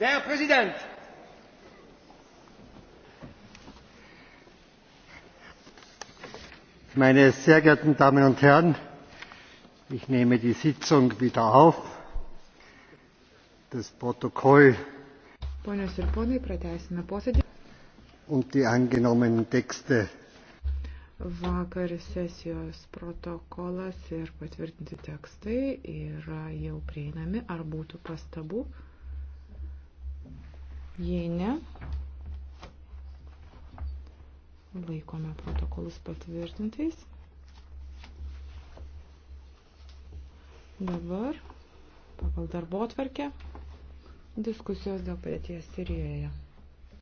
Der Präsident! Meine sehr geehrten Damen und Herren, ich nehme die Sitzung wieder auf. Das Protokoll Ponios ir ponai, pratęsime posėdį. Und die angenommenen Texte. Vakar sesijos protokolas ir patvirtinti tekstai yra jau prieinami. Ar būtų pastabų? Jei ne, laikome protokolus patvirtintais. Dabar pagal darbo atverkę diskusijos dėl padėties Sirijoje.